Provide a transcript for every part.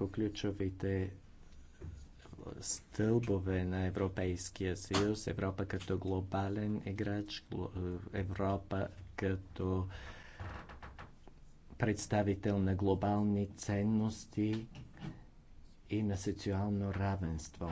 по ключовите стълбове на Европейския съюз, Европа като глобален играч, Европа като представител на глобални ценности и на социално равенство.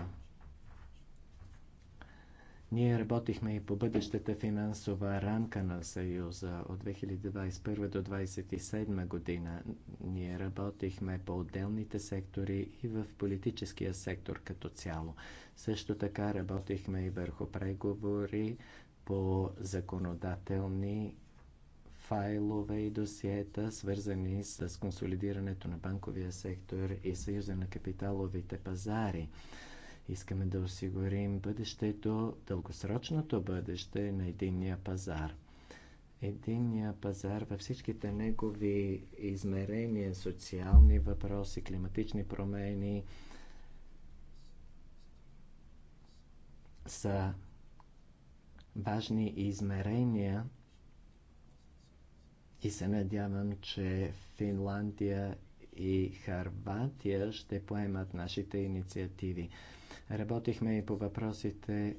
Ние работихме и по бъдещата финансова рамка на Съюза от 2021 до 2027 година. Ние работихме по отделните сектори и в политическия сектор като цяло. Също така работихме и върху преговори по законодателни файлове и досиета, свързани с консолидирането на банковия сектор и съюза на капиталовите пазари. Искаме да осигурим бъдещето, дългосрочното бъдеще на единния пазар. Единния пазар във всичките негови измерения, социални въпроси, климатични промени са важни измерения и се надявам, че Финландия и Харватия ще поемат нашите инициативи. Работихме и по въпросите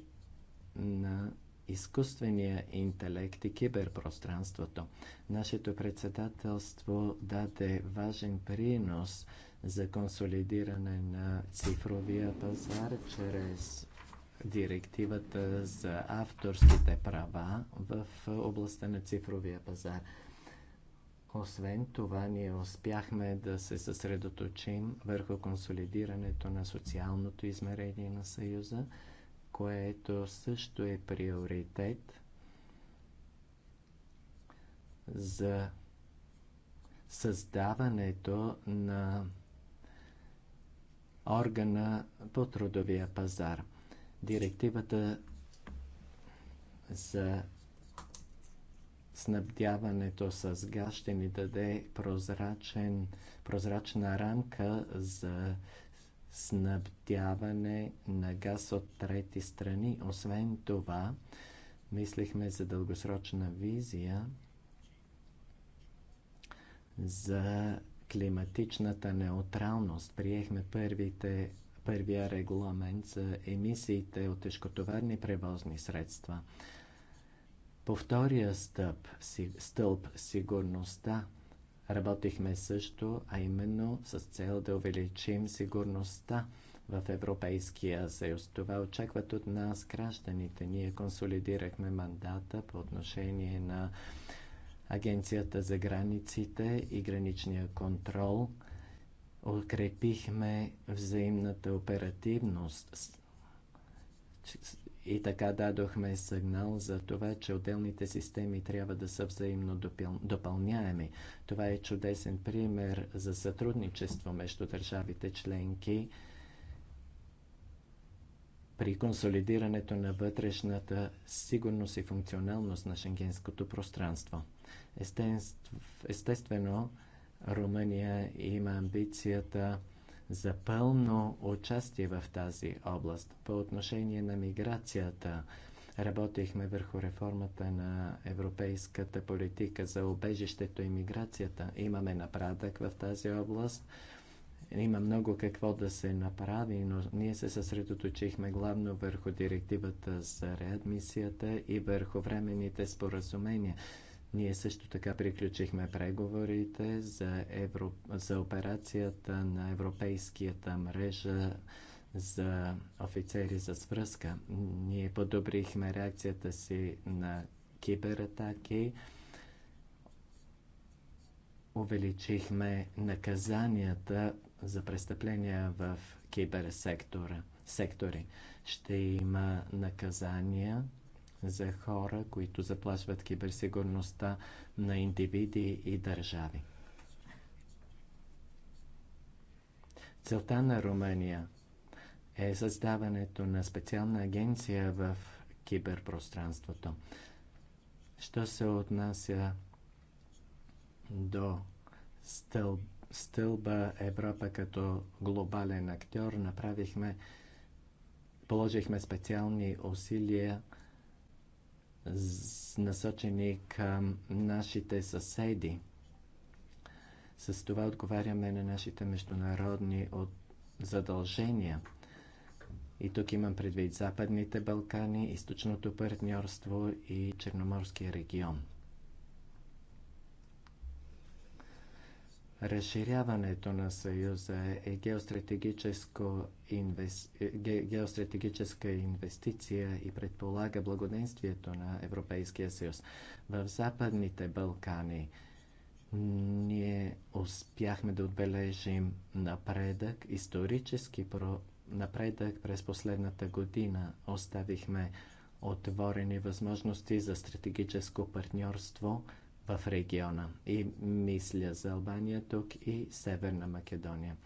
на изкуствения интелект и киберпространството. Нашето председателство даде важен принос за консолидиране на цифровия пазар чрез директивата за авторските права в областта на цифровия пазар. Освен това, ние успяхме да се съсредоточим върху консолидирането на социалното измерение на Съюза, което също е приоритет за създаването на органа по трудовия пазар. Директивата за снабдяването с газ ще ни даде прозрачен, прозрачна рамка за снабдяване на газ от трети страни. Освен това, мислихме за дългосрочна визия за климатичната неутралност. Приехме първите, първия регламент за емисиите от тежкотоварни превозни средства – по втория стъп, си, стълб сигурността работихме също, а именно с цел да увеличим сигурността в Европейския съюз. Това очакват от нас гражданите. Ние консолидирахме мандата по отношение на Агенцията за границите и граничния контрол. Укрепихме взаимната оперативност и така дадохме сигнал за това, че отделните системи трябва да са взаимно допълняеми. Това е чудесен пример за сътрудничество между държавите членки при консолидирането на вътрешната сигурност и функционалност на шенгенското пространство. Естествено, Румъния има амбицията за пълно участие в тази област. По отношение на миграцията, работихме върху реформата на европейската политика за убежището и миграцията. Имаме напредък в тази област. Има много какво да се направи, но ние се съсредоточихме главно върху директивата за реадмисията и върху временните споразумения. Ние също така приключихме преговорите за, евро... за операцията на Европейската мрежа за офицери за свръзка. Ние подобрихме реакцията си на кибератаки, увеличихме наказанията за престъпления в киберсектора. Сектори. Ще има наказания за хора, които заплашват киберсигурността на индивиди и държави. Целта на Румъния е създаването на специална агенция в киберпространството. Що се отнася до стълб, стълба Европа като глобален актьор, направихме, положихме специални усилия насочени към нашите съседи. С това отговаряме на нашите международни задължения. И тук имам предвид Западните Балкани, Източното партньорство и Черноморския регион. Разширяването на Съюза е, е геостратегическа инвестиция и предполага благоденствието на Европейския съюз. В Западните Балкани ние успяхме да отбележим напредък, исторически напредък през последната година. Оставихме отворени възможности за стратегическо партньорство – в региона. И мисля за Албания тук и Северна Македония.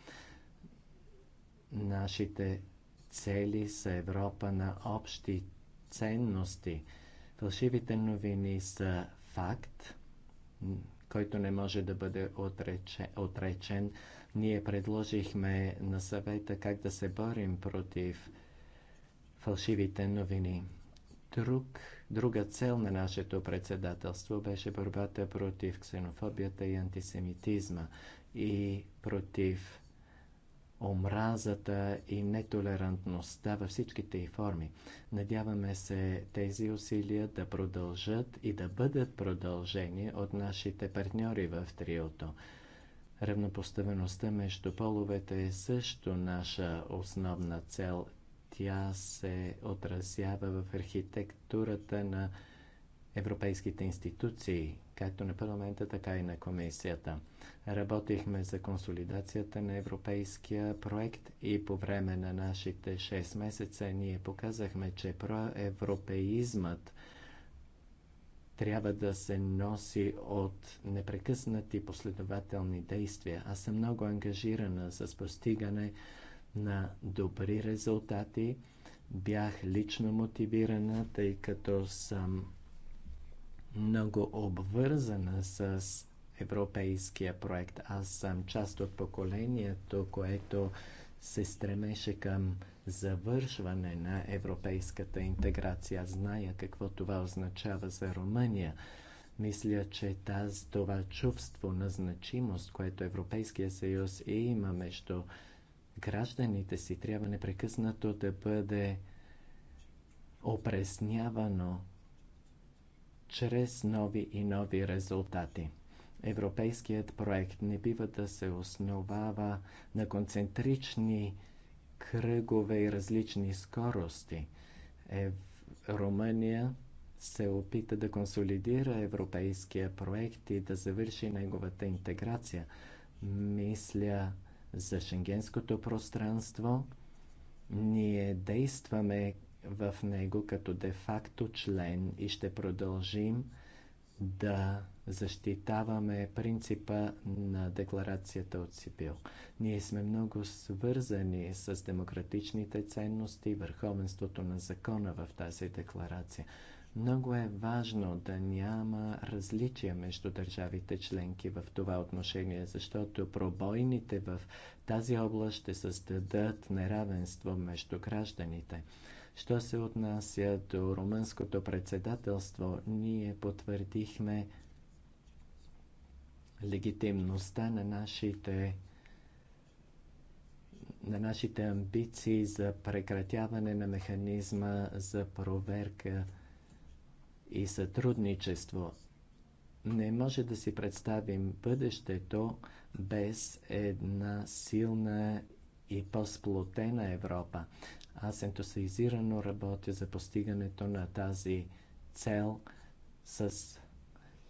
Нашите цели са Европа на общи ценности. Фалшивите новини са факт, който не може да бъде отречен. отречен. Ние предложихме на съвета как да се борим против фалшивите новини. Друг, друга цел на нашето председателство беше борбата против ксенофобията и антисемитизма и против омразата и нетолерантността във всичките й форми. Надяваме се тези усилия да продължат и да бъдат продължени от нашите партньори в триото. Равнопоставеността между половете е също наша основна цел тя се отразява в архитектурата на европейските институции, както на парламента, така и на комисията. Работихме за консолидацията на европейския проект и по време на нашите 6 месеца ние показахме, че проевропеизмът трябва да се носи от непрекъснати последователни действия. Аз съм много ангажирана с постигане на добри резултати. Бях лично мотивирана, тъй като съм много обвързана с европейския проект. Аз съм част от поколението, което се стремеше към завършване на европейската интеграция. Зная какво това означава за Румъния. Мисля, че таз, това чувство на значимост, което Европейския съюз има между гражданите си трябва непрекъснато да бъде опреснявано чрез нови и нови резултати. Европейският проект не бива да се основава на концентрични кръгове и различни скорости. Ев... Румъния се опита да консолидира европейския проект и да завърши неговата интеграция. Мисля, за шенгенското пространство. Ние действаме в него като де-факто член и ще продължим да защитаваме принципа на декларацията от Сибил. Ние сме много свързани с демократичните ценности и върховенството на закона в тази декларация. Много е важно да няма различия между държавите членки в това отношение, защото пробойните в тази област ще създадат неравенство между гражданите. Що се отнася до румънското председателство, ние потвърдихме легитимността на нашите на нашите амбиции за прекратяване на механизма за проверка и сътрудничество. Не може да си представим бъдещето без една силна и по-сплотена Европа. Аз ентусиазирано работя за постигането на тази цел с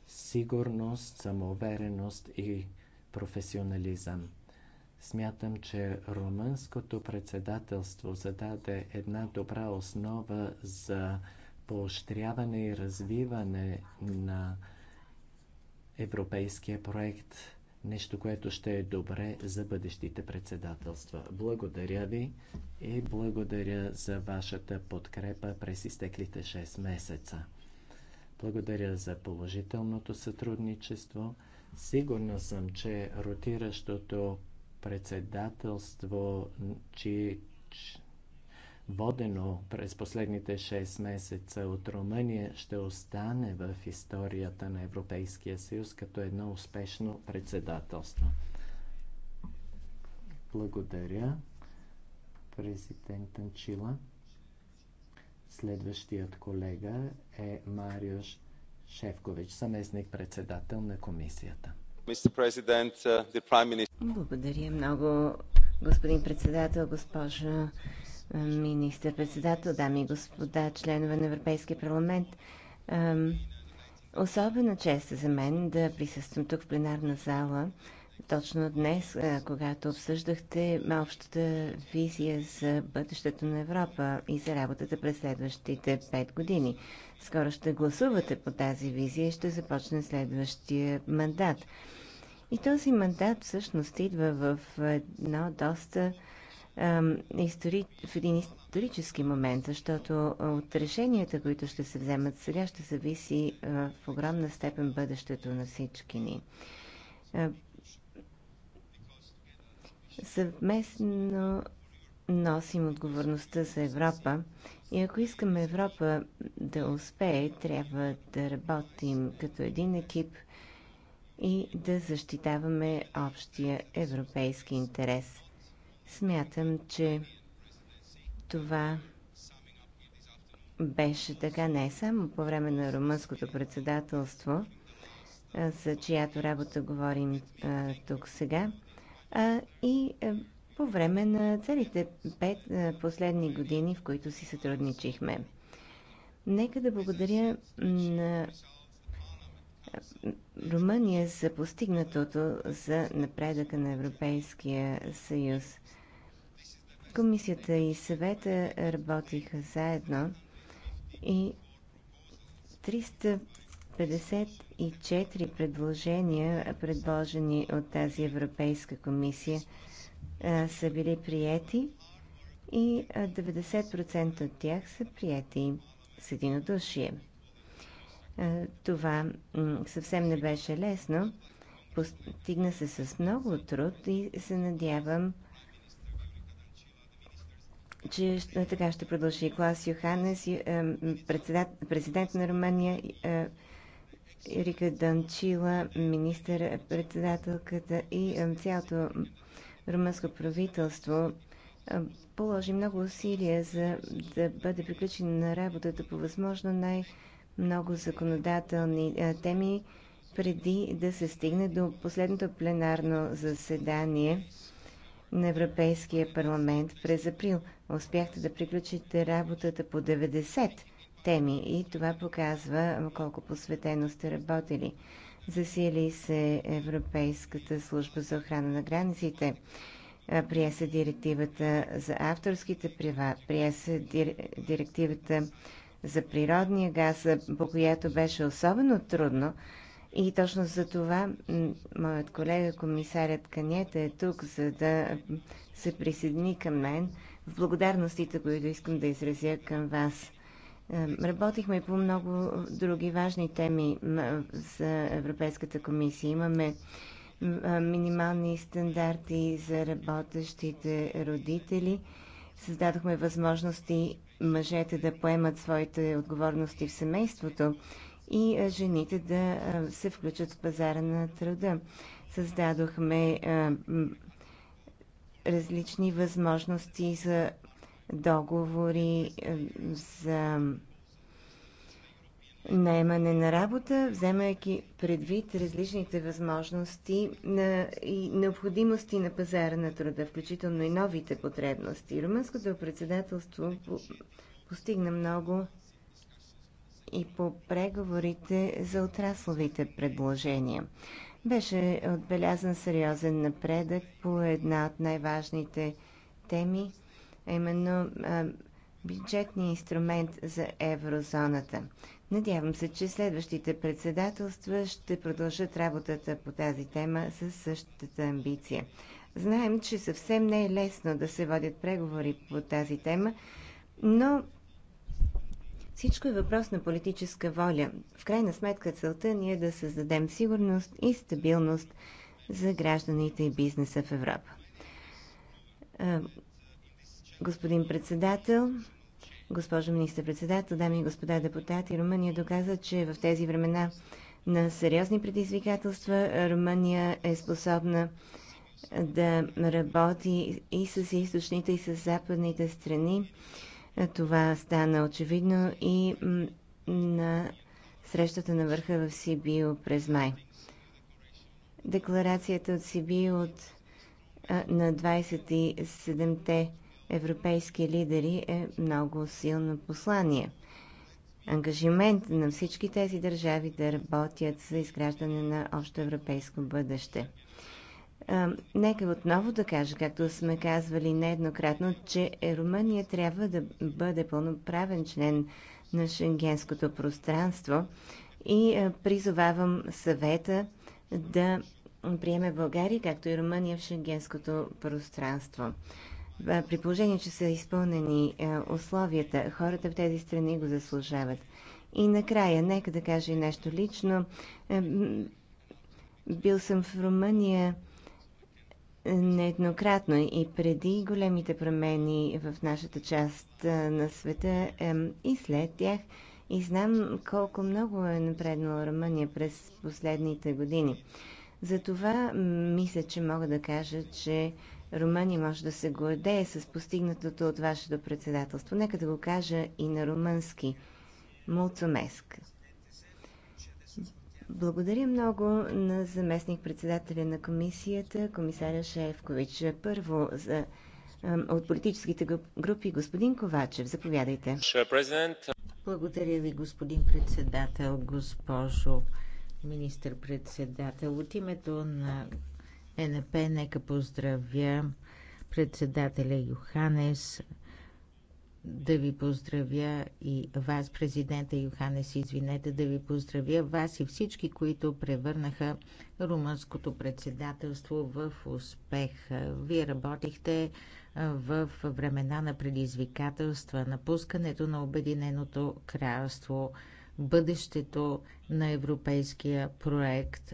сигурност, самоувереност и професионализъм. Смятам, че румънското председателство зададе една добра основа за поощряване и развиване на европейския проект, нещо, което ще е добре за бъдещите председателства. Благодаря ви и благодаря за вашата подкрепа през изтеклите 6 месеца. Благодаря за положителното сътрудничество. Сигурна съм, че ротиращото председателство, чи, водено през последните 6 месеца от Румъния, ще остане в историята на Европейския съюз като едно успешно председателство. Благодаря, президент Анчила. Следващият колега е Мариош Шефкович, съместник-председател на комисията. Uh, Благодаря много, господин председател, госпожа министър-председател, дами и господа, членове на Европейския парламент. Особена чест е за мен да присъствам тук в пленарна зала точно днес, когато обсъждахте общата визия за бъдещето на Европа и за работата през следващите пет години. Скоро ще гласувате по тази визия и ще започне следващия мандат. И този мандат всъщност идва в едно доста истори... в един исторически момент, защото от решенията, които ще се вземат сега, ще зависи в огромна степен бъдещето на всички ни. Съвместно носим отговорността за Европа и ако искаме Европа да успее, трябва да работим като един екип и да защитаваме общия европейски интерес – Смятам, че това беше така не само по време на румънското председателство, за чиято работа говорим а, тук сега, а и а, по време на целите пет последни години, в които си сътрудничихме. Нека да благодаря на Румъния за постигнатото за напредъка на Европейския съюз – Комисията и съвета работиха заедно и 354 предложения, предложени от тази Европейска комисия, са били приети и 90% от тях са прияти с единодушие. Това съвсем не беше лесно. Постигна се с много труд и се надявам, че така ще продължи Клас Йоханес, президент на Румъния, е, Рика Данчила, министър-председателката е, и цялото румънско правителство е, положи много усилия за да бъде приключена на работата по възможно най-много законодателни теми преди да се стигне до последното пленарно заседание на Европейския парламент през април. Успяхте да приключите работата по 90 теми и това показва колко посветено сте работили. Засили се Европейската служба за охрана на границите. Прие се директивата за авторските права, прие се директивата за природния газ, по която беше особено трудно, и точно за това моят колега, комисарят Канета, е тук, за да се присъедини към мен в благодарностите, които искам да изразя към вас. Работихме по много други важни теми за Европейската комисия. Имаме минимални стандарти за работещите родители. Създадохме възможности мъжете да поемат своите отговорности в семейството и е, жените да е, се включат в пазара на труда. Създадохме е, различни възможности за договори за наемане на работа, вземайки предвид различните възможности на, и необходимости на пазара на труда, включително и новите потребности. Румънското председателство постигна много и по преговорите за отрасловите предложения. Беше отбелязан сериозен напредък по една от най-важните теми, а именно бюджетния инструмент за еврозоната. Надявам се, че следващите председателства ще продължат работата по тази тема със същата амбиция. Знаем, че съвсем не е лесно да се водят преговори по тази тема, но всичко е въпрос на политическа воля. В крайна сметка целта ни е да създадем сигурност и стабилност за гражданите и бизнеса в Европа. Господин председател, госпожо министър-председател, дами и господа депутати, Румъния доказа, че в тези времена на сериозни предизвикателства Румъния е способна да работи и с източните, и с западните страни това стана очевидно и на срещата на върха в Сибио през май. Декларацията от Сибио от, на 27-те европейски лидери е много силно послание. Ангажимент на всички тези държави да работят за изграждане на общо европейско бъдеще. Нека отново да кажа, както сме казвали нееднократно, че е, Румъния трябва да бъде пълноправен член на шенгенското пространство и призовавам съвета да приеме България, както и Румъния в шенгенското пространство. При положение, че са изпълнени условията, хората в тези страни го заслужават. И накрая, нека да кажа и нещо лично. Бил съм в Румъния нееднократно и преди големите промени в нашата част на света и след тях. И знам колко много е напреднала Румъния през последните години. Затова мисля, че мога да кажа, че Румъния може да се гордее с постигнатото от вашето председателство. Нека да го кажа и на румънски. Мулцумеск. Благодаря много на заместник-председателя на комисията, комисаря Шефкович. Първо за, от политическите групи, господин Ковачев. Заповядайте. Благодаря ви, господин председател, госпожо министър-председател. От името на ЕНП нека поздравя председателя Йоханес, да ви поздравя и вас, президента Йоханес, извинете, да ви поздравя вас и всички, които превърнаха румънското председателство в успех. Вие работихте в времена на предизвикателства, напускането на Обединеното кралство, бъдещето на европейския проект,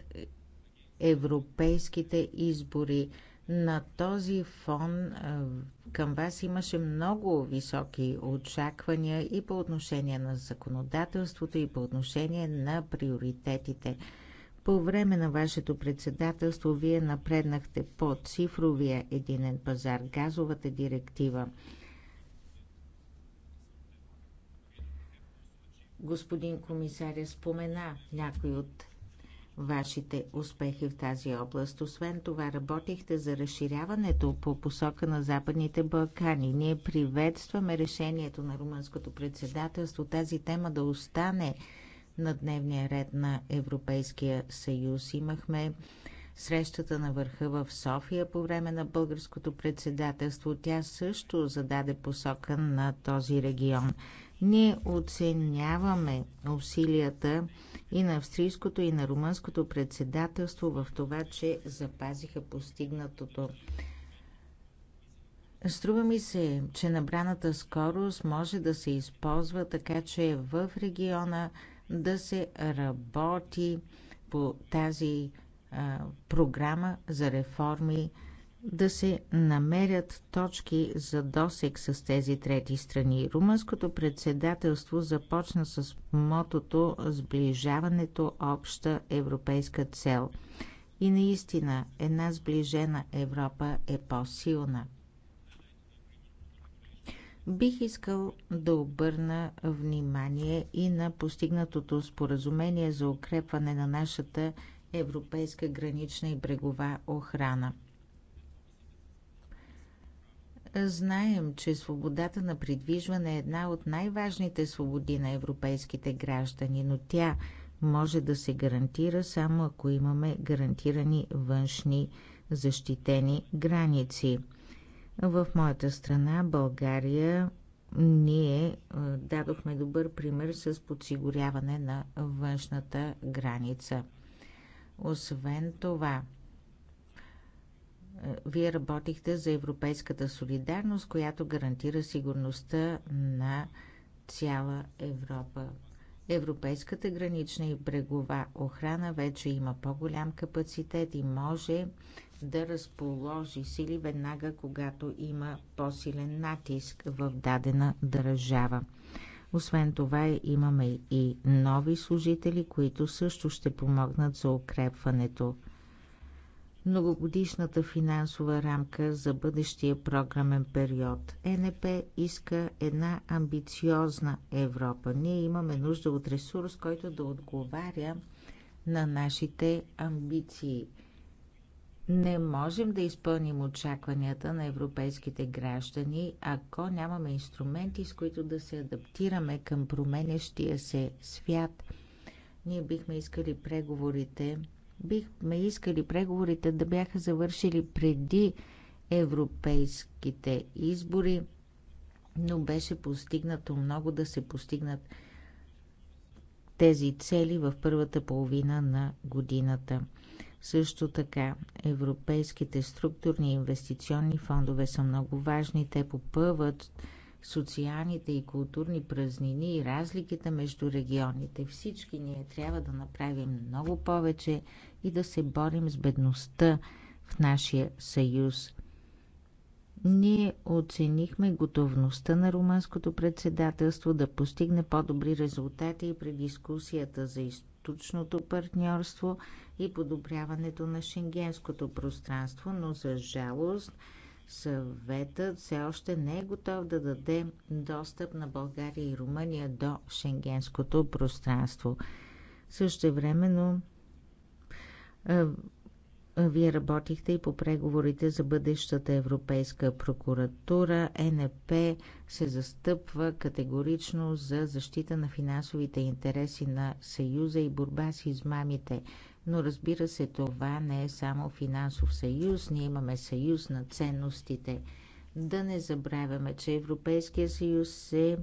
европейските избори – на този фон е, към вас имаше много високи очаквания и по отношение на законодателството, и по отношение на приоритетите. По време на вашето председателство вие напреднахте по цифровия единен пазар, газовата директива. Господин комисаря спомена някои от вашите успехи в тази област. Освен това, работихте за разширяването по посока на Западните Балкани. Ние приветстваме решението на румънското председателство тази тема да остане на дневния ред на Европейския съюз. Имахме срещата на върха в София по време на българското председателство. Тя също зададе посока на този регион. Ние оценяваме усилията и на австрийското и на румънското председателство в това, че запазиха постигнатото. Струва ми се, че набраната скорост може да се използва така, че в региона да се работи по тази а, програма за реформи да се намерят точки за досек с тези трети страни. Румънското председателство започна с мотото Сближаването обща европейска цел. И наистина една сближена Европа е по-силна. Бих искал да обърна внимание и на постигнатото споразумение за укрепване на нашата европейска гранична и брегова охрана – Знаем, че свободата на придвижване е една от най-важните свободи на европейските граждани, но тя може да се гарантира само ако имаме гарантирани външни защитени граници. В моята страна, България, ние е, дадохме добър пример с подсигуряване на външната граница. Освен това, вие работихте за европейската солидарност, която гарантира сигурността на цяла Европа. Европейската гранична и брегова охрана вече има по-голям капацитет и може да разположи сили веднага, когато има по-силен натиск в дадена държава. Освен това имаме и нови служители, които също ще помогнат за укрепването многогодишната финансова рамка за бъдещия програмен период. Е НП иска една амбициозна Европа. Ние имаме нужда от ресурс, който да отговаря на нашите амбиции. Не можем да изпълним очакванията на европейските граждани, ако нямаме инструменти, с които да се адаптираме към променящия се свят. Ние бихме искали преговорите Бихме искали преговорите да бяха завършили преди европейските избори, но беше постигнато много да се постигнат тези цели в първата половина на годината. Също така, европейските структурни и инвестиционни фондове са много важни. Те попъват социалните и културни празнини и разликите между регионите. Всички ние трябва да направим много повече и да се борим с бедността в нашия съюз. Ние оценихме готовността на румънското председателство да постигне по-добри резултати и при дискусията за източното партньорство и подобряването на шенгенското пространство, но за жалост съветът все още не е готов да даде достъп на България и Румъния до шенгенското пространство. Същевременно е, е, вие работихте и по преговорите за бъдещата Европейска прокуратура. Е НП се застъпва категорично за защита на финансовите интереси на Съюза и борба с измамите. Но разбира се, това не е само финансов съюз. Ние имаме съюз на ценностите. Да не забравяме, че Европейския съюз се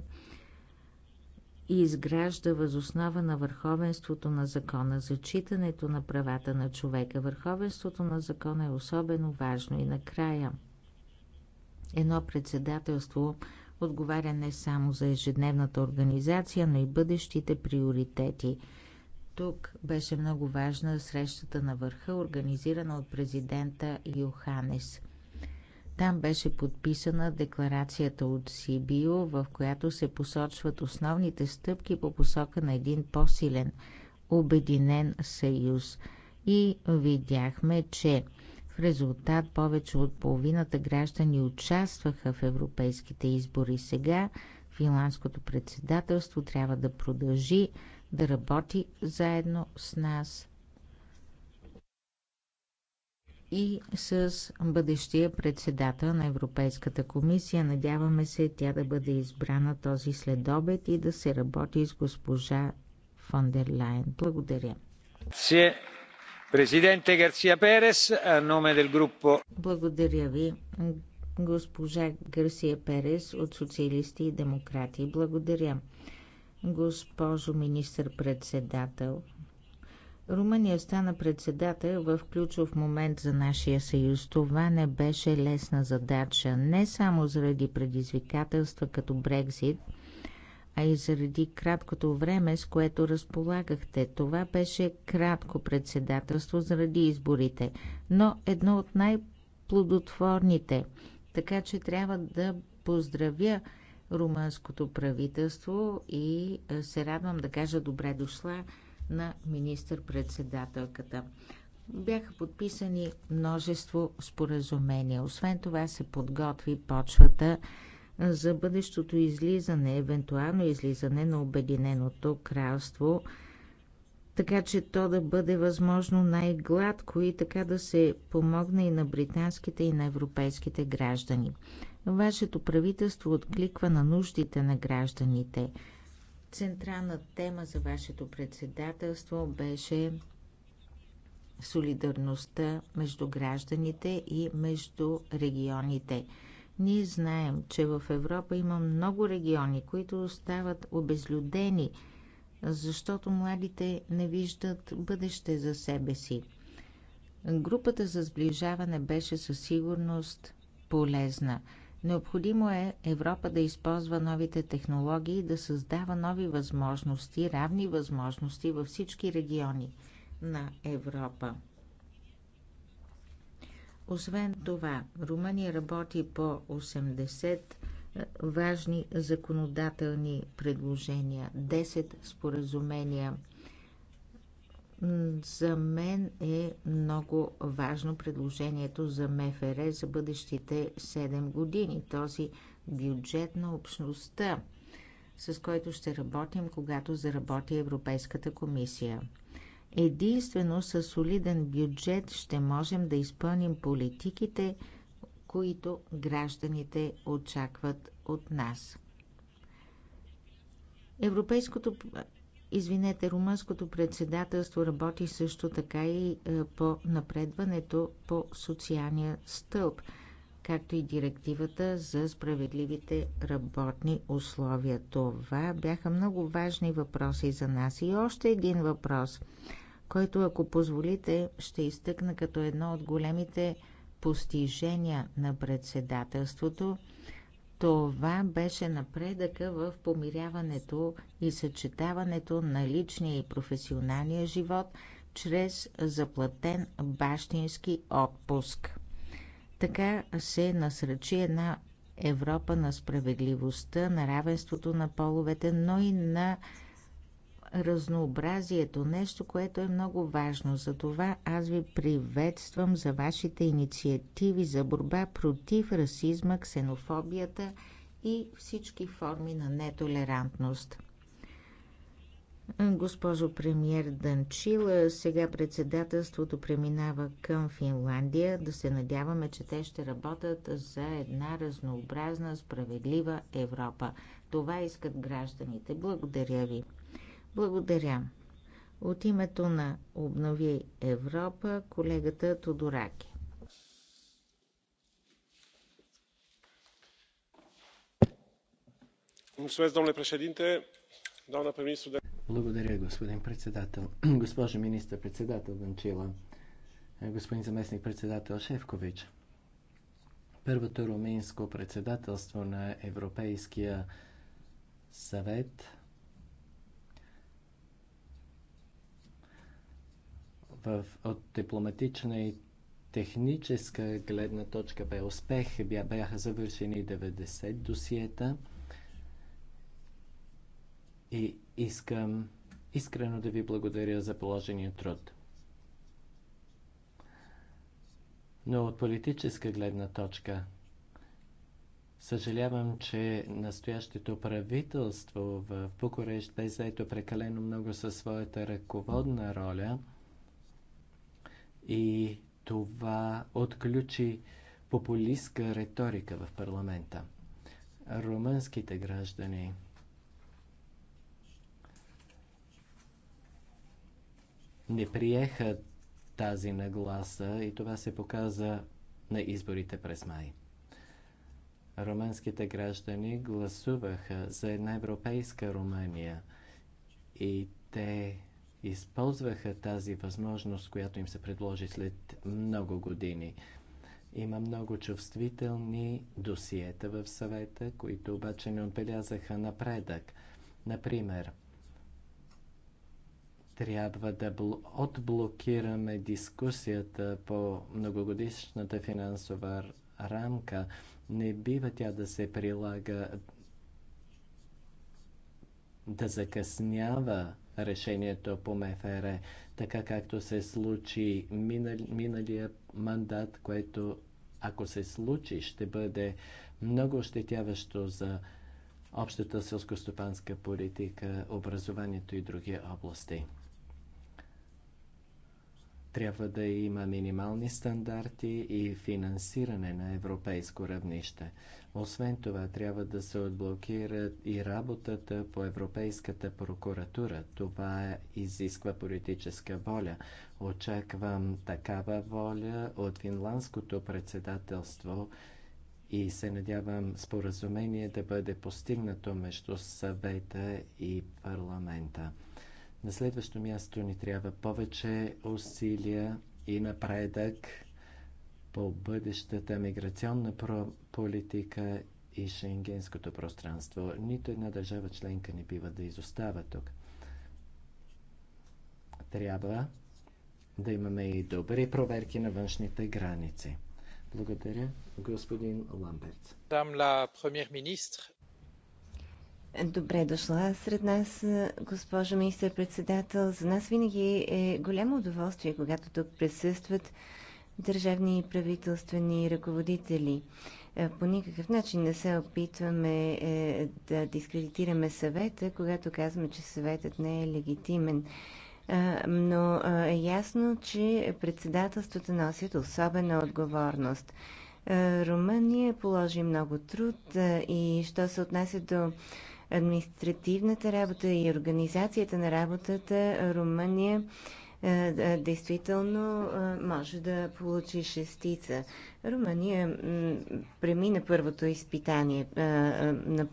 и изгражда въз основа на върховенството на закона, зачитането на правата на човека. Върховенството на закона е особено важно и накрая. Едно председателство отговаря не само за ежедневната организация, но и бъдещите приоритети. Тук беше много важна срещата на върха, организирана от президента Йоханес. Там беше подписана декларацията от Сибио, в която се посочват основните стъпки по посока на един по-силен, обединен съюз. И видяхме, че в резултат повече от половината граждани участваха в европейските избори. Сега финландското председателство трябва да продължи да работи заедно с нас и с бъдещия председател на Европейската комисия. Надяваме се тя да бъде избрана този следобед и да се работи с госпожа фон дер Лайен. Благодаря. Президенте Гарсия Перес, номе Благодаря ви, госпожа Гарсия Перес от Социалисти и Демократи. Благодаря, госпожо министър-председател. Румъния стана председател в ключов момент за нашия съюз. Това не беше лесна задача, не само заради предизвикателства като Брекзит, а и заради краткото време, с което разполагахте. Това беше кратко председателство заради изборите, но едно от най-плодотворните. Така че трябва да поздравя румънското правителство и се радвам да кажа добре дошла на министър-председателката. Бяха подписани множество споразумения. Освен това се подготви почвата за бъдещото излизане, евентуално излизане на Обединеното кралство, така че то да бъде възможно най-гладко и така да се помогне и на британските и на европейските граждани. Вашето правителство откликва на нуждите на гражданите – Централна тема за вашето председателство беше солидарността между гражданите и между регионите. Ние знаем, че в Европа има много региони, които остават обезлюдени, защото младите не виждат бъдеще за себе си. Групата за сближаване беше със сигурност полезна. Необходимо е Европа да използва новите технологии и да създава нови възможности, равни възможности във всички региони на Европа. Освен това, Румъния работи по 80 е, важни законодателни предложения, 10 споразумения – за мен е много важно предложението за МФР за бъдещите 7 години, този бюджет на общността, с който ще работим, когато заработи Европейската комисия. Единствено с солиден бюджет ще можем да изпълним политиките, които гражданите очакват от нас. Европейското Извинете, румънското председателство работи също така и е, по напредването по социалния стълб, както и директивата за справедливите работни условия. Това бяха много важни въпроси за нас. И още един въпрос, който, ако позволите, ще изтъкна като едно от големите постижения на председателството – това беше напредъка в помиряването и съчетаването на личния и професионалния живот чрез заплатен бащински отпуск. Така се насръчи една Европа на справедливостта, на равенството на половете, но и на разнообразието, нещо, което е много важно. Затова аз ви приветствам за вашите инициативи за борба против расизма, ксенофобията и всички форми на нетолерантност. Госпожо премьер Данчила, сега председателството преминава към Финландия. Да се надяваме, че те ще работят за една разнообразна, справедлива Европа. Това искат гражданите. Благодаря ви. Благодаря. От името на Обнови Европа, колегата Тодораки. Благодаря, господин председател. Госпожо министър-председател Данчила, господин заместник-председател Шевкович. Първото румънско председателство на Европейския съвет – от дипломатична и техническа гледна точка бе успех. Бяха завършени 90 досиета. И искам искрено да ви благодаря за положения труд. Но от политическа гледна точка Съжалявам, че настоящето правителство в Букурещ бе заето прекалено много със своята ръководна роля – и това отключи популистка риторика в парламента. Румънските граждани не приеха тази нагласа и това се показа на изборите през май. Румънските граждани гласуваха за една европейска Румъния и те използваха тази възможност, която им се предложи след много години. Има много чувствителни досиета в съвета, които обаче не отбелязаха напредък. Например, трябва да отблокираме дискусията по многогодишната финансова рамка. Не бива тя да се прилага, да закъснява решението по МФР, така както се случи минали, миналия мандат, което ако се случи, ще бъде много ощетяващо за общата селскостопанска политика, образованието и други области. Трябва да има минимални стандарти и финансиране на европейско равнище. Освен това, трябва да се отблокира и работата по Европейската прокуратура. Това изисква политическа воля. Очаквам такава воля от финландското председателство и се надявам споразумение да бъде постигнато между съвета и парламента. На следващо място ни трябва повече усилия и напредък по бъдещата миграционна политика и шенгенското пространство. Нито една държава членка не бива да изостава тук. Трябва да имаме и добри проверки на външните граници. Благодаря, господин Ламберт. Добре дошла сред нас, е, госпожо министър-председател. За нас винаги е голямо удоволствие, когато тук присъстват държавни и правителствени ръководители. Е, по никакъв начин не се опитваме е, да дискредитираме съвета, когато казваме, че съветът не е легитимен. Но е ясно, че председателствата носят особена отговорност. Румъния положи много труд и що се отнася до административната работа и организацията на работата Румъния е, е, действително е, може да получи шестица. Румъния премина първото изпитание на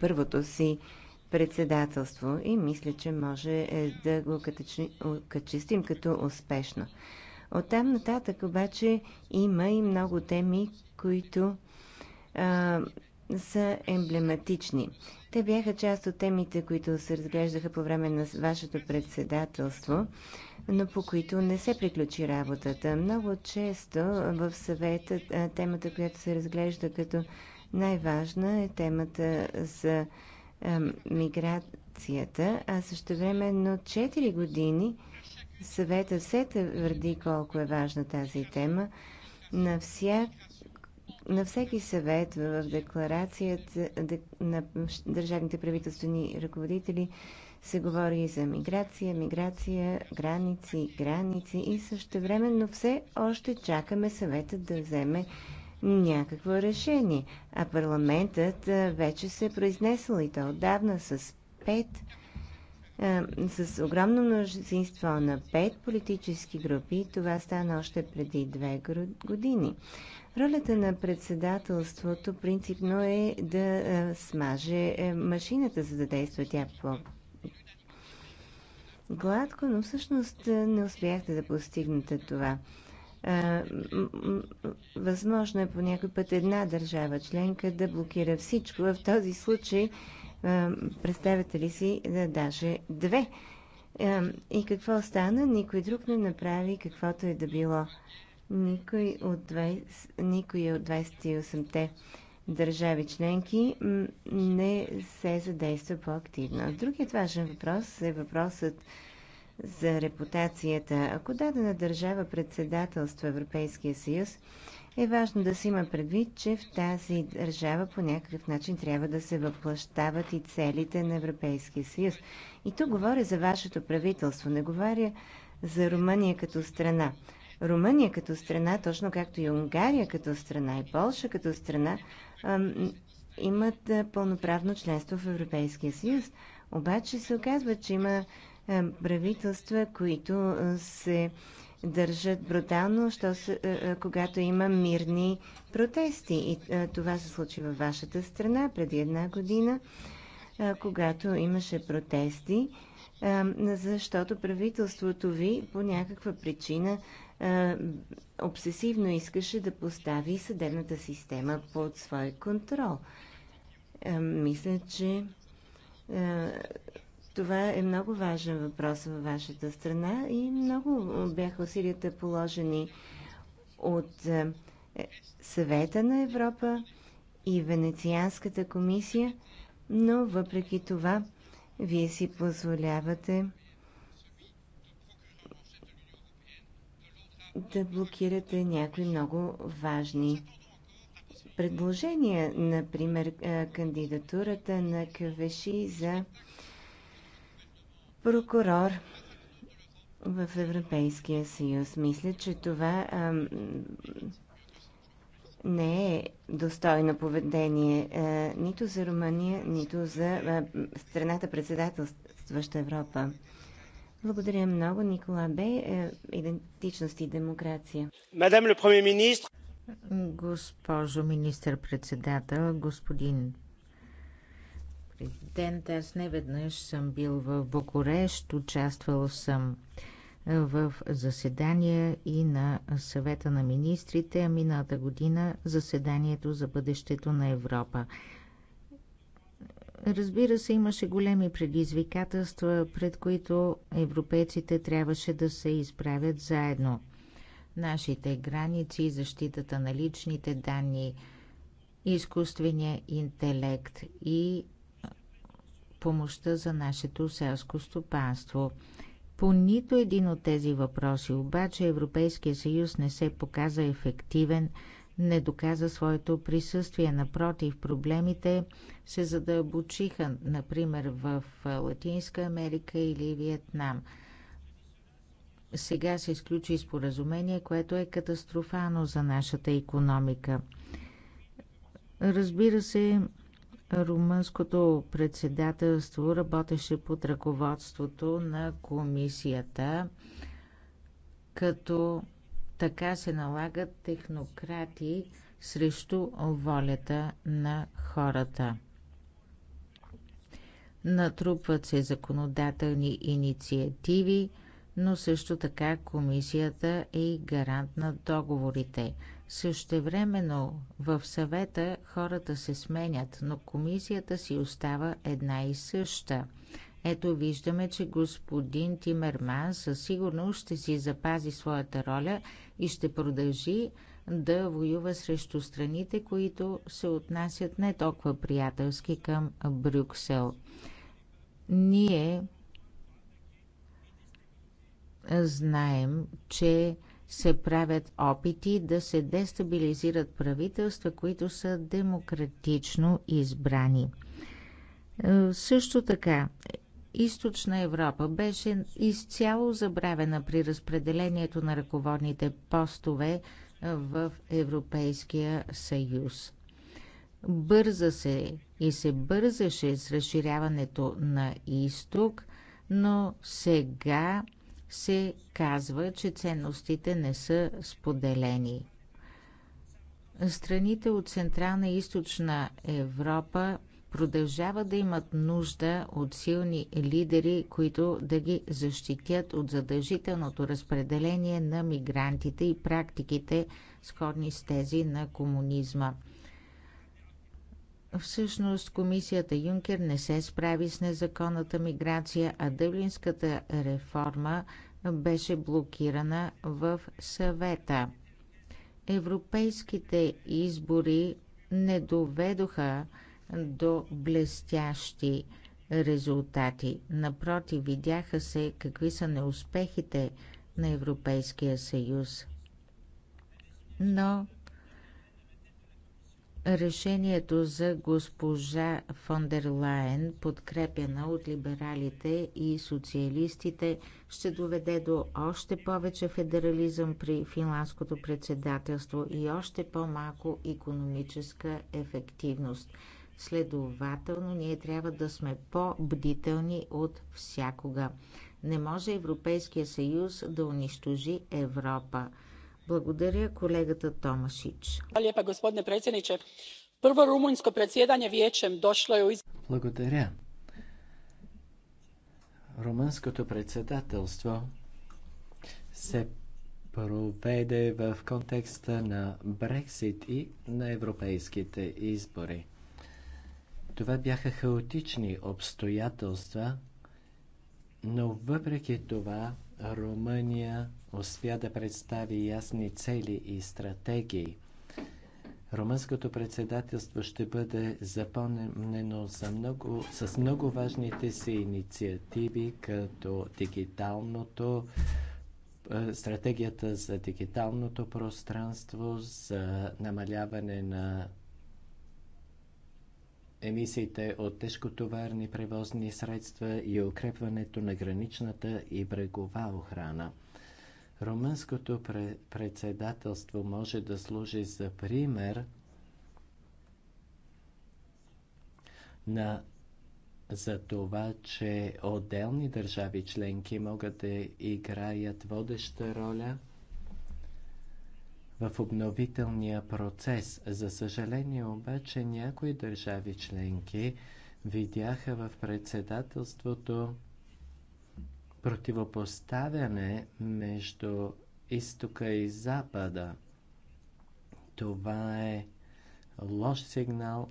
първото си председателство и мисля, че може да го качестим като успешно. От там нататък обаче има и много теми, които а, са емблематични. Те бяха част от темите, които се разглеждаха по време на вашето председателство, но по които не се приключи работата. Много често в съвета темата, която се разглежда като най-важна е темата за миграцията, а също времено 4 години съвета все твърди колко е важна тази тема. На всяк на всеки съвет в декларацията на държавните правителствени ръководители се говори и за миграция, миграция, граници, граници и също време, но все още чакаме съвета да вземе някакво решение. А парламентът вече се е произнесъл и то отдавна с пет с огромно мнозинство на пет политически групи. Това стана още преди две години. Ролята на председателството принципно е да е, смаже е, машината, за да действа тя по гладко, но всъщност е, не успяхте да постигнете това. Възможно е по някой път една държава членка да блокира всичко. В този случай представете ли си да даже две. И какво стана? Никой друг не направи каквото е да било. Никой от никой от 28-те държави членки не се задейства по-активно. Другият важен въпрос е въпросът за репутацията. Ако дадена държава председателства Европейския съюз, е важно да се има предвид, че в тази държава по някакъв начин трябва да се въплащават и целите на Европейския съюз. И тук говоря за вашето правителство, не говоря за Румъния като страна. Румъния като страна, точно както и Унгария като страна и Полша като страна, имат пълноправно членство в Европейския съюз. Обаче се оказва, че има правителства, които се държат брутално, що се, когато има мирни протести. И това се случи във вашата страна преди една година, когато имаше протести, защото правителството ви по някаква причина обсесивно искаше да постави съдебната система под свой контрол. мисля, че това е много важен въпрос във вашата страна и много бяха усилията положени от е, Съвета на Европа и Венецианската комисия, но въпреки това вие си позволявате да блокирате някои много важни предложения, например кандидатурата на Кавеши за прокурор в Европейския съюз. Мисля, че това а, не е достойно поведение а, нито за Румъния, нито за а, страната председателстваща Европа. Благодаря много, Никола Бей. Е, идентичност и демокрация. Мадам ле премьер министр. Госпожо министър-председател, господин президент, аз не веднъж съм бил в Букурещ, участвал съм в заседания и на съвета на министрите, а миналата година заседанието за бъдещето на Европа. Разбира се, имаше големи предизвикателства, пред които европейците трябваше да се изправят заедно. Нашите граници, защитата на личните данни, изкуствения интелект и помощта за нашето селско стопанство. По нито един от тези въпроси обаче Европейския съюз не се показа ефективен не доказа своето присъствие. Напротив, проблемите се задълбочиха, например в Латинска Америка или Виетнам. Сега се изключи споразумение, което е катастрофално за нашата економика. Разбира се, румънското председателство работеше под ръководството на комисията, като така се налагат технократи срещу волята на хората. Натрупват се законодателни инициативи, но също така комисията е и гарант на договорите. Същевременно в съвета хората се сменят, но комисията си остава една и съща. Ето виждаме, че господин Тимерман със сигурност ще си запази своята роля и ще продължи да воюва срещу страните, които се отнасят не толкова приятелски към Брюксел. Ние знаем, че се правят опити да се дестабилизират правителства, които са демократично избрани. Също така Източна Европа беше изцяло забравена при разпределението на ръководните постове в Европейския съюз. Бърза се и се бързаше с разширяването на изток, но сега се казва, че ценностите не са споделени. Страните от Централна и Източна Европа продължават да имат нужда от силни лидери, които да ги защитят от задължителното разпределение на мигрантите и практиките, сходни с тези на комунизма. Всъщност комисията Юнкер не се справи с незаконната миграция, а дъблинската реформа беше блокирана в съвета. Европейските избори не доведоха до блестящи резултати. Напротив, видяха се какви са неуспехите на Европейския съюз. Но решението за госпожа фон дер Лайен, подкрепена от либералите и социалистите, ще доведе до още повече федерализъм при финландското председателство и още по-малко икономическа ефективност – Следователно, ние трябва да сме по-бдителни от всякога. Не може Европейския съюз да унищожи Европа. Благодаря колегата Томашич. господне председниче. Първо rumunjsko председание вечем дошло е из... Благодаря. Румънското председателство се проведе в контекста на Брексит и на европейските избори. Това бяха хаотични обстоятелства, но въпреки това Румъния успя да представи ясни цели и стратегии. Румънското председателство ще бъде запомнено за много, с много важните си инициативи, като дигиталното, е, стратегията за дигиталното пространство, за намаляване на емисиите от тежкотоварни превозни средства и укрепването на граничната и брегова охрана. Румънското председателство може да служи за пример на за това, че отделни държави членки могат да играят водеща роля – в обновителния процес. За съжаление обаче някои държави членки видяха в председателството противопоставяне между изтока и запада. Това е лош сигнал,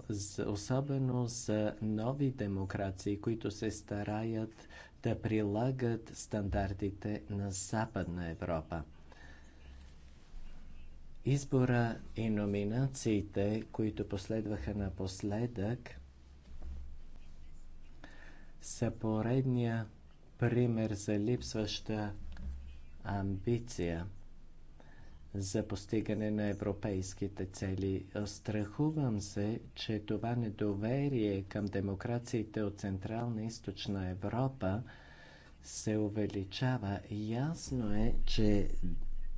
особено за нови демокрации, които се стараят да прилагат стандартите на Западна Европа. Избора и номинациите, които последваха напоследък, са поредния пример за липсваща амбиция за постигане на европейските цели. Страхувам се, че това недоверие към демокрациите от Централна и Източна Европа се увеличава. Ясно е, че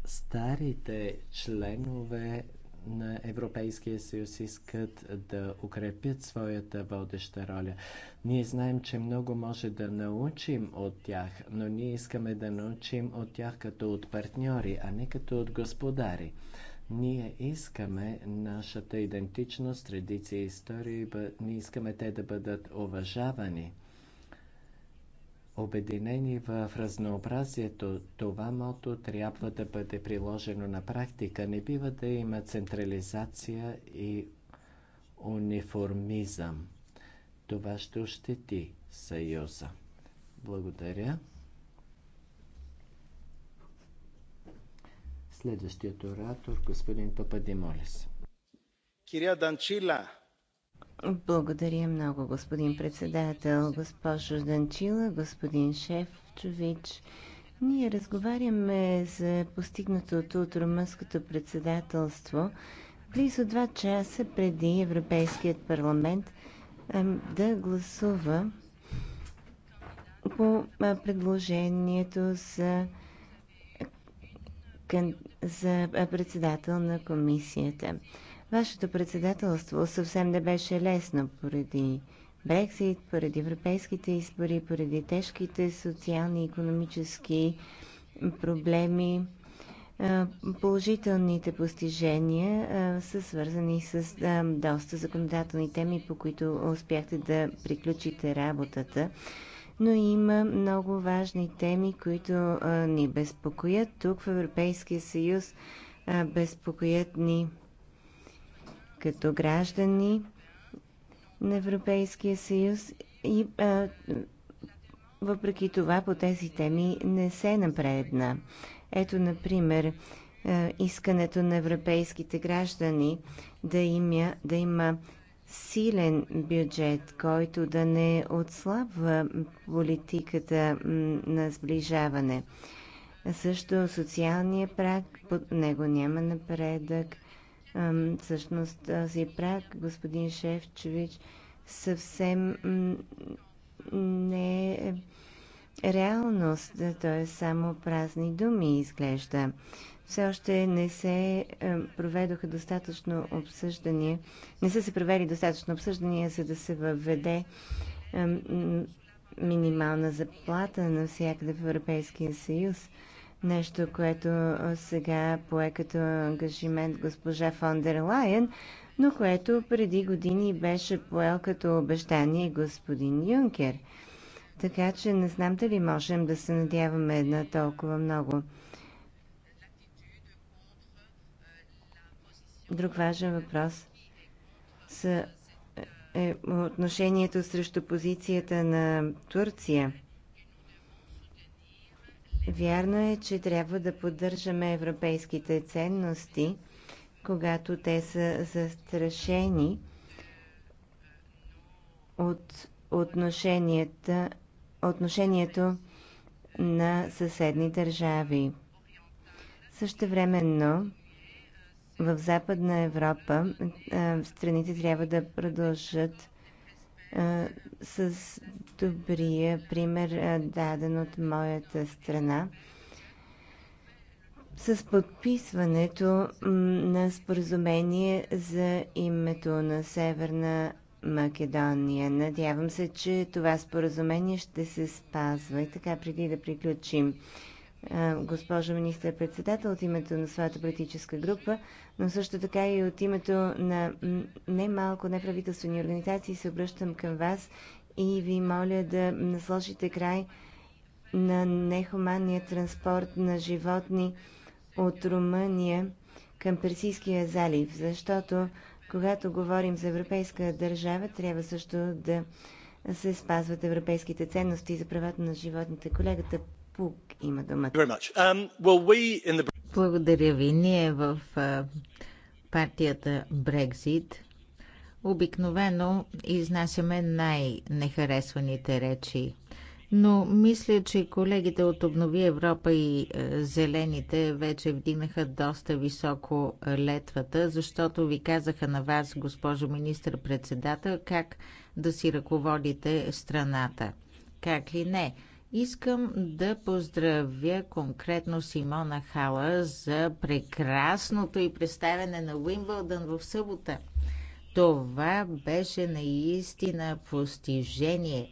Старите членове на Европейския съюз искат да укрепят своята водеща роля. Ние знаем, че много може да научим от тях, но ние искаме да научим от тях като от партньори, а не като от господари. Ние искаме нашата идентичност, традиция и история, ние искаме те да бъдат уважавани. Обединени в разнообразието, това мото трябва да бъде приложено на практика. Не бива да има централизация и униформизъм. Това ще ощети Съюза. Благодаря. Следващият оратор, господин Пападимолис. Кирия Данчила, благодаря много, господин председател, госпожо Данчила, господин Шефчович. Ние разговаряме за постигнатото от румънското председателство близо два часа преди Европейският парламент да гласува по предложението за, за председател на комисията. Вашето председателство съвсем не беше лесно поради Брексит, поради европейските избори, поради тежките социални и економически проблеми. Положителните постижения са свързани с доста законодателни теми, по които успяхте да приключите работата. Но има много важни теми, които ни безпокоят тук в Европейския съюз, безпокоят ни като граждани на Европейския съюз и а, въпреки това по тези теми не се напредна. Ето, например, искането на европейските граждани да има, да има силен бюджет, който да не отслабва политиката на сближаване. Също социалния прак, под него няма напредък. Всъщност този прак, господин Шефчович, съвсем не е реалност, то е само празни думи изглежда. Все още не се проведоха достатъчно обсъждания, не са се провели достатъчно обсъждания, за да се въведе минимална заплата навсякъде в Европейския съюз нещо, което сега пое като ангажимент госпожа фон дер Лайен, но което преди години беше поел като обещание господин Юнкер. Така че не знам дали можем да се надяваме на толкова много. Друг важен въпрос са, е, е отношението срещу позицията на Турция. Вярно е, че трябва да поддържаме европейските ценности, когато те са застрашени от отношенията, отношението на съседни държави. Същевременно, в Западна Европа страните трябва да продължат с добрия пример, даден от моята страна. С подписването на споразумение за името на Северна Македония. Надявам се, че това споразумение ще се спазва. И така, преди да приключим госпожо министър-председател, от името на своята политическа група, но също така и от името на немалко неправителствени организации се обръщам към вас и ви моля да насложите край на нехуманния транспорт на животни от Румъния към Персийския залив, защото когато говорим за европейска държава, трябва също да се спазват европейските ценности за правата на животните. Колегата Пук има думата. Um, Благодаря ви. Ние в партията Брекзит обикновено изнасяме най-нехаресваните речи. Но мисля, че колегите от Обнови Европа и Зелените вече вдигнаха доста високо летвата, защото ви казаха на вас, госпожо министр-председател, как да си ръководите страната. Как ли не? Искам да поздравя конкретно Симона Хала за прекрасното и представяне на Уимбълдън в събота. Това беше наистина постижение.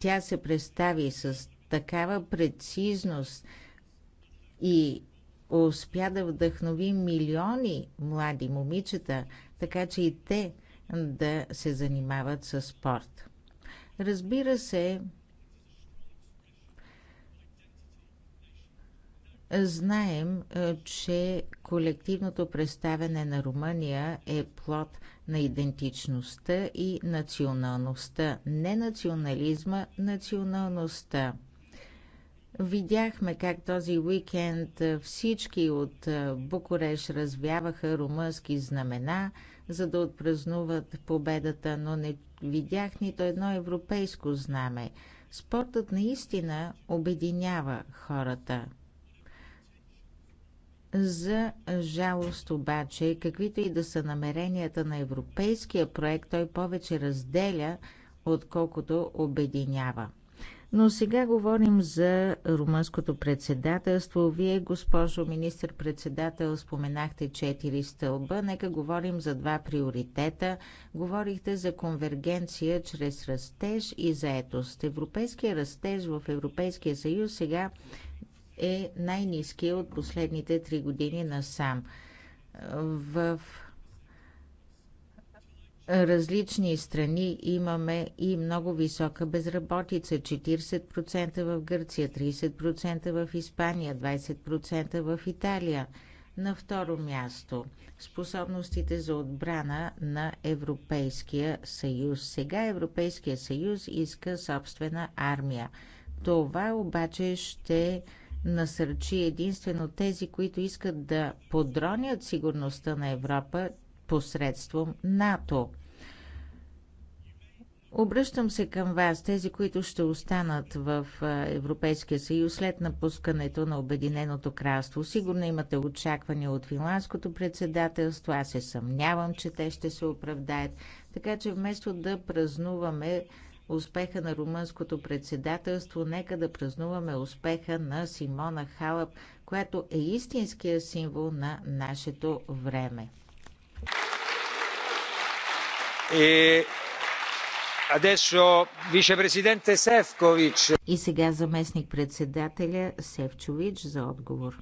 Тя се представи с такава прецизност и успя да вдъхнови милиони млади момичета, така че и те да се занимават с спорт. Разбира се, Знаем, е, че колективното представяне на Румъния е плод на идентичността и националността. Не национализма, националността. Видяхме как този уикенд е, всички от е, Букуреш развяваха румънски знамена, за да отпразнуват победата, но не видях нито едно европейско знаме. Спортът наистина обединява хората – за жалост обаче, каквито и да са намеренията на европейския проект, той повече разделя, отколкото обединява. Но сега говорим за румънското председателство. Вие, госпожо министр-председател, споменахте четири стълба. Нека говорим за два приоритета. Говорихте за конвергенция чрез растеж и заетост. Европейския растеж в Европейския съюз сега е най-низкия от последните три години насам. В различни страни имаме и много висока безработица 40% в Гърция, 30% в Испания, 20% в Италия. На второ място способностите за отбрана на Европейския съюз. Сега Европейския съюз иска собствена армия. Това обаче ще насърчи единствено тези, които искат да подронят сигурността на Европа посредством НАТО. Обръщам се към вас, тези, които ще останат в Европейския съюз след напускането на Обединеното кралство. Сигурно имате очаквания от финландското председателство. Аз се съмнявам, че те ще се оправдаят. Така че вместо да празнуваме успеха на румънското председателство, нека да празнуваме успеха на Симона Халап, която е истинския символ на нашето време. И... Адесо, И сега заместник председателя Севчович за отговор.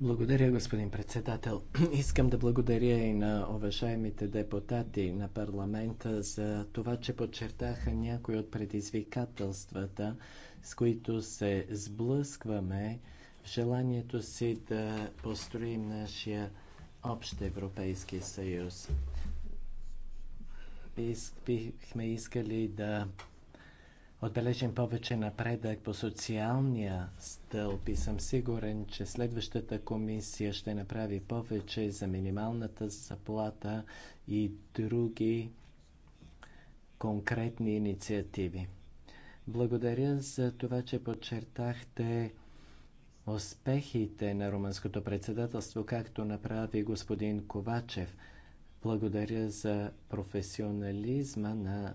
Благодаря, господин председател. Искам да благодаря и на уважаемите депутати на парламента за това, че подчертаха някои от предизвикателствата, с които се сблъскваме в желанието си да построим нашия общ Европейски съюз. Бихме искали да отбележим повече напредък по социалния стълб и съм сигурен, че следващата комисия ще направи повече за минималната заплата и други конкретни инициативи. Благодаря за това, че подчертахте успехите на румънското председателство, както направи господин Ковачев. Благодаря за професионализма на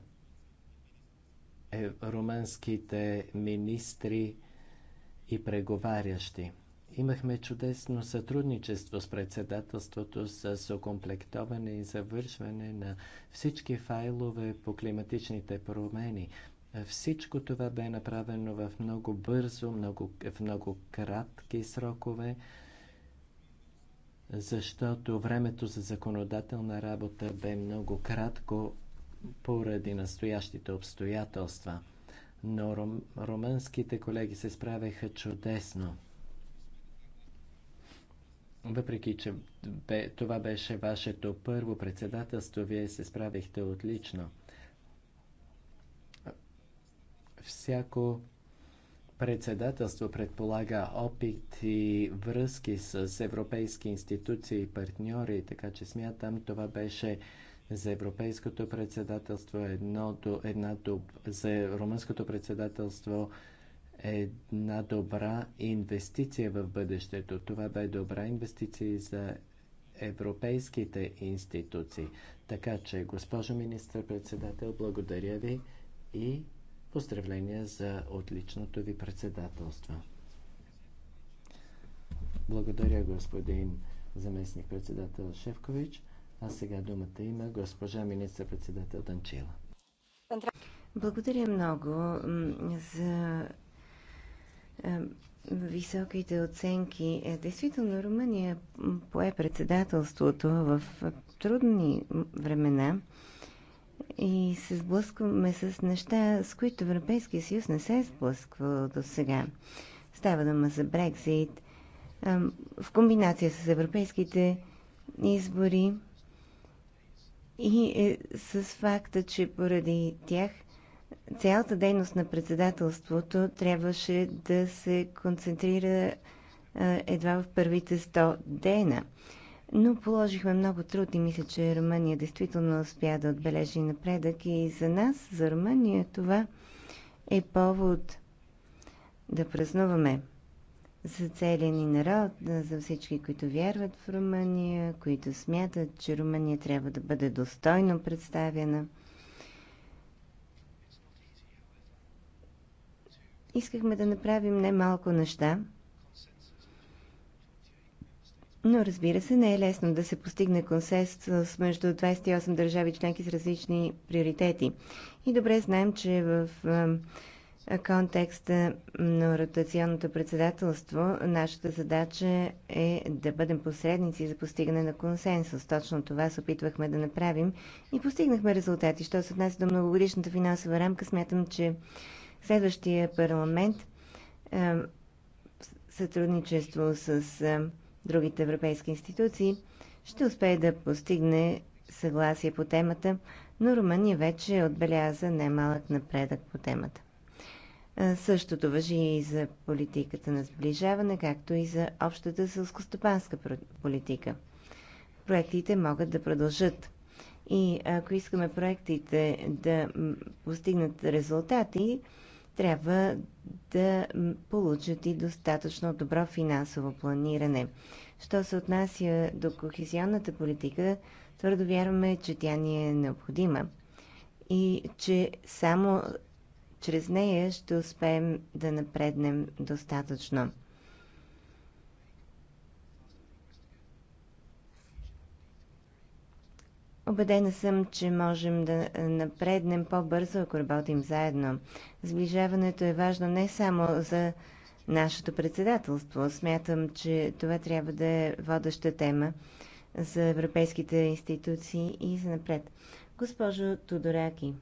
е румънските министри и преговарящи. Имахме чудесно сътрудничество с председателството с окомплектоване и завършване на всички файлове по климатичните промени. Всичко това бе направено в много бързо, много, в много кратки срокове, защото времето за законодателна работа бе много кратко поради настоящите обстоятелства. Но рум, румънските колеги се справяха чудесно. Въпреки, че бе, това беше вашето първо председателство, вие се справихте отлично. Всяко председателство предполага опит и връзки с европейски институции и партньори, така че смятам, това беше за европейското председателство, една, за румънското председателство една добра инвестиция в бъдещето. Това бе добра инвестиция и за европейските институции. Така че, госпожо министър-председател, благодаря ви и поздравления за отличното ви председателство. Благодаря, господин заместник-председател Шевкович. А сега думата има госпожа министър-председател Данчила. Благодаря много за високите оценки. Е, действително, Румъния пое председателството в трудни времена и се сблъскваме с неща, с които Европейския съюз не се е сблъсквал до сега. Става дума за Брекзит. В комбинация с европейските избори и е, с факта, че поради тях цялата дейност на председателството трябваше да се концентрира едва в първите 100 дена. Но положихме много труд и мисля, че Румъния действително успя да отбележи напредък и за нас, за Румъния, това е повод да празнуваме за целия ни народ, за всички, които вярват в Румъния, които смятат, че Румъния трябва да бъде достойно представена. Искахме да направим немалко неща, но разбира се, не е лесно да се постигне консенсус между 28 държави членки с различни приоритети. И добре знаем, че в контекста на ротационното председателство, нашата задача е да бъдем посредници за постигане на консенсус. Точно това се опитвахме да направим и постигнахме резултати. Що се отнася до многогодишната финансова рамка, смятам, че следващия парламент е, сътрудничество с е, другите европейски институции ще успее да постигне съгласие по темата, но Румъния вече отбеляза немалък напредък по темата. Е, същото въжи и за политиката на сближаване, както и за общата сълскостопанска политика. Проектите могат да продължат. И ако искаме проектите да постигнат резултати, трябва да получат и достатъчно добро финансово планиране. Що се отнася до кохезионната политика, твърдо вярваме, че тя ни е необходима и че само чрез нея ще успеем да напреднем достатъчно. Обедена съм, че можем да напреднем по-бързо, ако работим заедно. Сближаването е важно не само за нашето председателство. Смятам, че това трябва да е водеща тема за европейските институции и за напред. Госпожо Тодораки,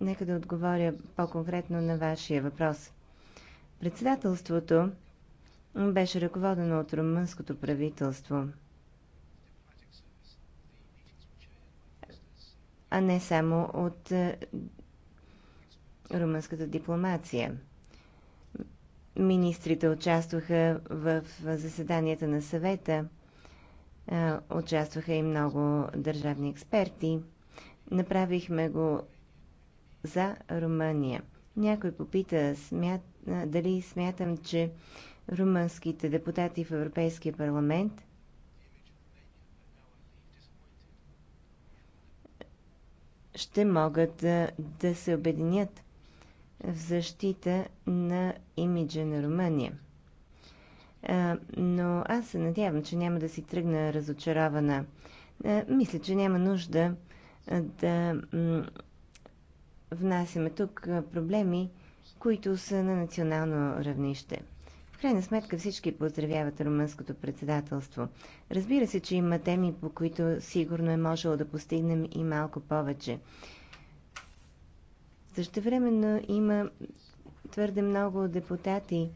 Нека да отговоря по-конкретно на вашия въпрос. Председателството беше ръководено от румънското правителство, а не само от е, румънската дипломация. Министрите участваха в заседанията на съвета, е, участваха и много държавни експерти. Направихме го за Румъния. Някой попита смят, дали смятам, че румънските депутати в Европейския парламент ще могат да, да се обединят в защита на имиджа на Румъния. А, но аз се надявам, че няма да си тръгна разочарована. А, мисля, че няма нужда да внасяме тук проблеми, които са на национално равнище. В крайна сметка всички поздравяват румънското председателство. Разбира се, че има теми, по които сигурно е можело да постигнем и малко повече. Също времено има твърде много депутати,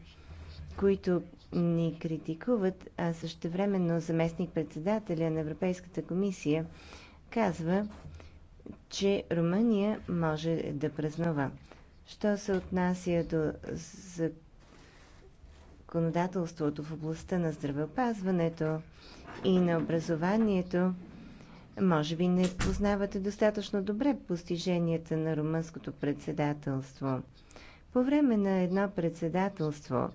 които ни критикуват, а също времено заместник председателя на Европейската комисия казва, че Румъния може да празнува. Що се отнася до законодателството в областта на здравеопазването и на образованието, може би не познавате достатъчно добре постиженията на румънското председателство. По време на едно председателство,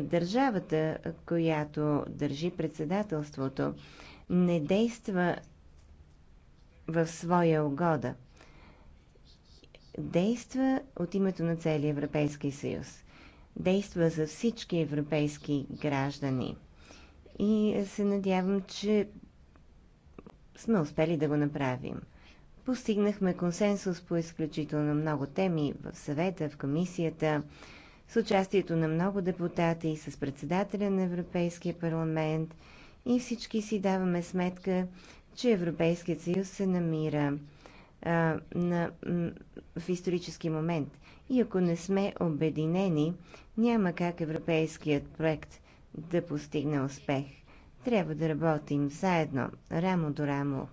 държавата, която държи председателството, не действа в своя угода. Действа от името на целия Европейски съюз. Действа за всички европейски граждани. И се надявам, че сме успели да го направим. Постигнахме консенсус по изключително много теми в съвета, в комисията, с участието на много депутати и с председателя на Европейския парламент и всички си даваме сметка, че Европейският съюз се намира а, на, в исторически момент. И ако не сме обединени, няма как европейският проект да постигне успех. Трябва да работим заедно, рамо до рамо.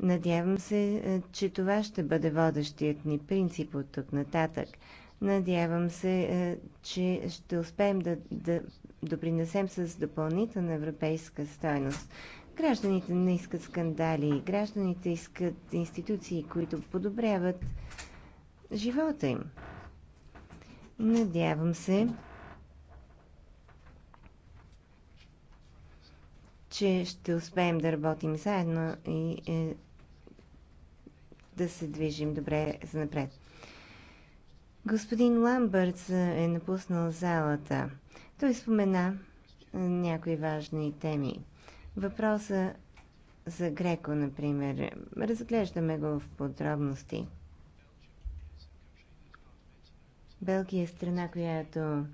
Надявам се, че това ще бъде водещият ни принцип от тук нататък. Надявам се, че ще успеем да, да допринесем с допълнителна европейска стойност Гражданите не искат скандали, гражданите искат институции, които подобряват живота им. Надявам се, че ще успеем да работим заедно и е, да се движим добре за напред. Господин Ламбърт е, е напуснал залата. Той спомена е, някои важни теми. Въпроса за Греко, например, разглеждаме го в подробности. Белгия е страна, която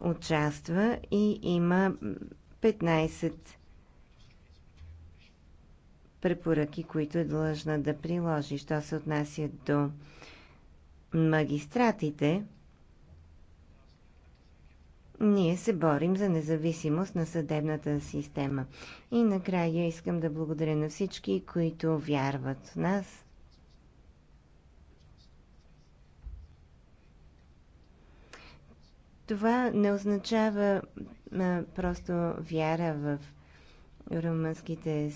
участва и има 15 препоръки, които е длъжна да приложи. Що се отнася до магистратите, ние се борим за независимост на съдебната система. И накрая искам да благодаря на всички, които вярват в нас. Това не означава а, просто вяра в румънските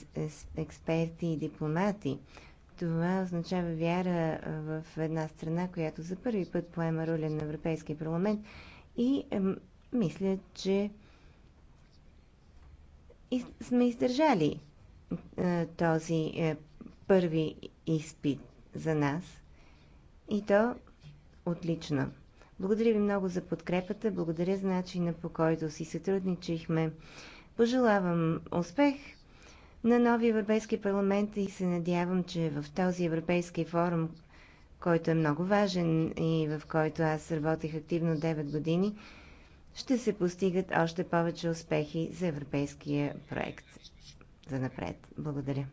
експерти и дипломати. Това означава вяра в една страна, която за първи път поема роля на Европейския парламент и мисля, че сме издържали този е, първи изпит за нас и то отлично. Благодаря ви много за подкрепата, благодаря за начина по който си сътрудничихме. Пожелавам успех на новия Европейски парламент и се надявам, че в този Европейски форум, който е много важен и в който аз работех активно 9 години, ще се постигат още повече успехи за европейския проект за напред. Благодаря.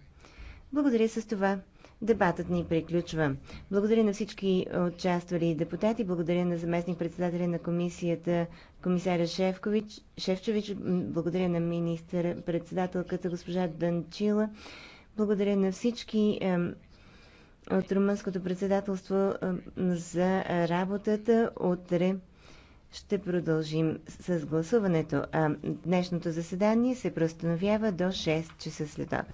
Благодаря с това. Дебатът ни приключва. Благодаря на всички участвали депутати, благодаря на заместник председателя на комисията, комисаря Шевкович, Шефчович, благодаря на министър председателката госпожа Данчила, благодаря на всички от румънското председателство за работата. Утре ще продължим с гласуването. А днешното заседание се преустановява до 6 часа след обед.